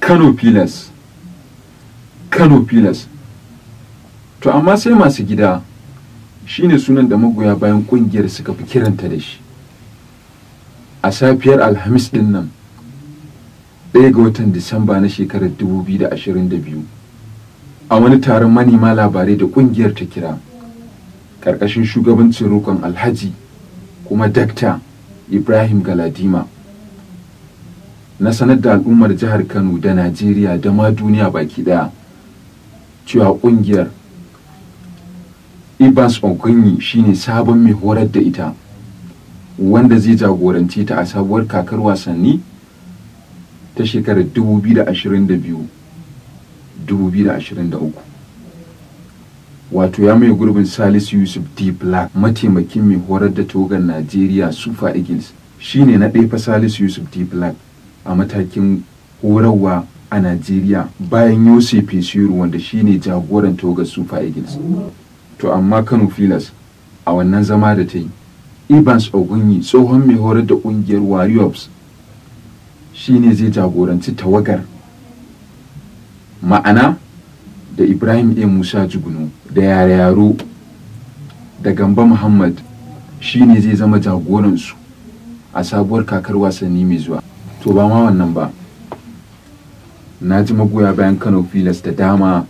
Kano Pillars. Kano Pillars. To amma sai masu gida shine sunan da magoya bayan kungiyar suka fi kiranta da shi. A safiyar Alhamis din nan, ɗaya ga watan Disamba na shekarar 2022, a wani taron manema labarai da kungiyar ta kira, ƙarƙashin shugabancin roƙon Alhaji kuma Dakta Ibrahim Galadima. na sanar da al'ummar jihar Kano da Najeriya da ma duniya baki daya cewa kungiyar Ibas Okunyi shine sabon mai horar da ita wanda zai jagoranci ta a sabuwar kakar wasanni ta shekarar 2022-2023 wato ya mai gurbin salisu yusuf d black mataimakin mai horar da togar najeriya super eagles shine na ɗaya fa salisu yusuf d black a matakin horarwa a Najeriya bayan Yose Fesiro wanda shine jagoran togar Super Eagles. To amma Kano Filas a wannan zama da ta yi, Evans Ogunyi tsohon mai horar da ƙungiyar Warriors shine zai jagoranci tawagar. Ma'ana da Ibrahim A. Musa Jugunu da yare yaro da Gamba Muhammad shine zai zama jagoransu a sabuwar kakar wasanni mai zuwa. to ba ma wannan ba na ji magoya bayan kano filas da dama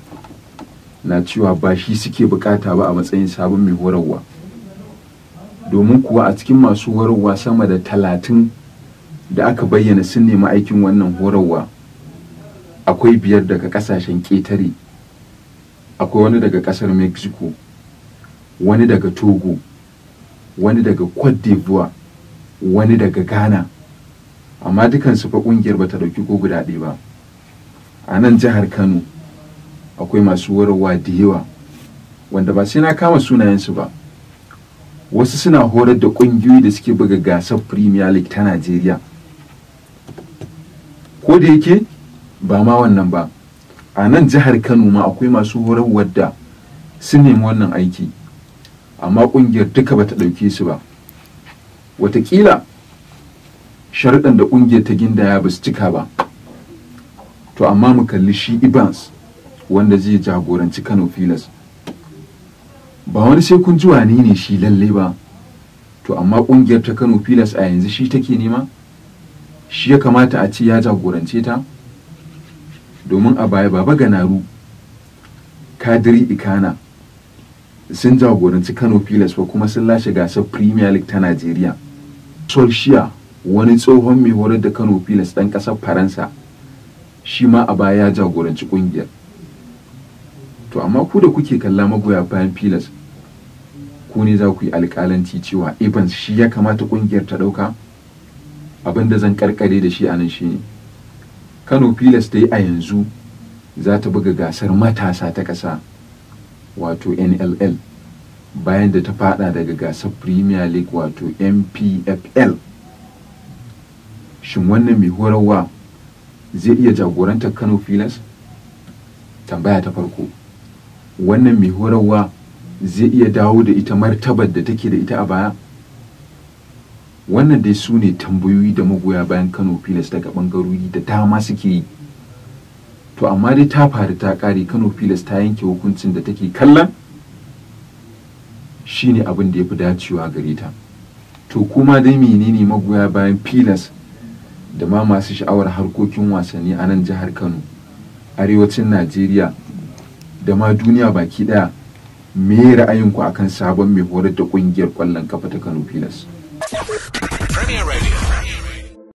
na cewa ba shi suke bukata ba a matsayin sabon mai horarwa domin kuwa a cikin masu horarwa sama da talatin da aka bayyana sun nemi aikin wannan horarwa akwai biyar daga kasashen ƙetare akwai wani daga ƙasar mexico wani daga togo wani daga cote d'ivoire wani daga ghana amma dukansu fa kungiyar ta dauki ko guda ɗaya ba a nan jihar kano akwai masu warwa da yawa wanda ba sai na kama sunayensu ba wasu suna horar da ƙungiyoyi da suke buga gasar premier league ta nigeria. ko da yake ba ma wannan ba a nan jihar kano ma akwai masu horarwar da sun nemi wannan aiki amma ƙungiyar duka ba ta ɗauke su ba watakila sharɗan da ƙungiyar ta gindaya ba su cika ba to amma mu kalli shi ibans wanda zai jagoranci kano filas ba wani sai kun ji wani ne shi lalle ba to amma ƙungiyar ta kano filas a yanzu shi take nema shi ya kamata a ce ya jagorance ta domin a baya baba ganaru kadiri ikana sun jagoranci kano filas ba kuma sun lashe gasar premier league ta najeriya solskjaer wani tsohon mai horar da kano pilas ɗan ƙasar faransa shi ma a baya ya jagoranci ƙungiyar to amma ku da kuke kalla magoya bayan pilas ku ne za ku yi alƙalanci cewa evans shi ya kamata ƙungiyar ta ɗauka abin da zan karkare da shi a nan shi ne kano pilas ta yi a yanzu za ta buga gasar matasa ta ƙasa wato nll bayan da ta fada daga gasar premier league wato mpfl shin wannan mai horarwa zai iya jagorantar kano filas tambaya ta farko wannan mai horarwa zai iya dawo da ita martabar da take da ita a baya wannan dai su ne tambayoyi da magoya bayan kano filas daga bangarori da dama suke yi to amma dai ta faru ta kare kano filas ta yanke hukuncin da take kallon shine abin da ya fi dacewa gare ta to kuma dai menene magoya bayan filas da ma masu sha'awar harkokin wasanni a nan jihar kano arewacin najeriya da ma duniya baki daya me ra'ayinku akan sabon mai horar da kungiyar kwallon kafa ta kano pilas premier radio